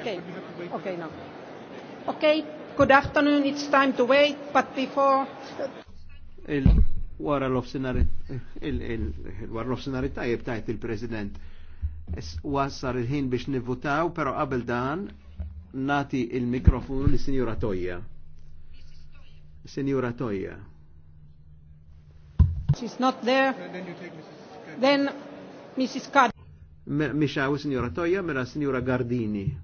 Okay. Okay now. Okay, good afternoon. It's time to wait, but before il wara l-offsinari il-wara l-offsinari tajib tajt il-president wassar il-ħin biex nivvutaw, pero qabel dan nati il-mikrofonu li sinjura Toja. Sinjura Toja. She's not there. Then Mrs. Then Mishaw Signora Toja mela Signora Gardini.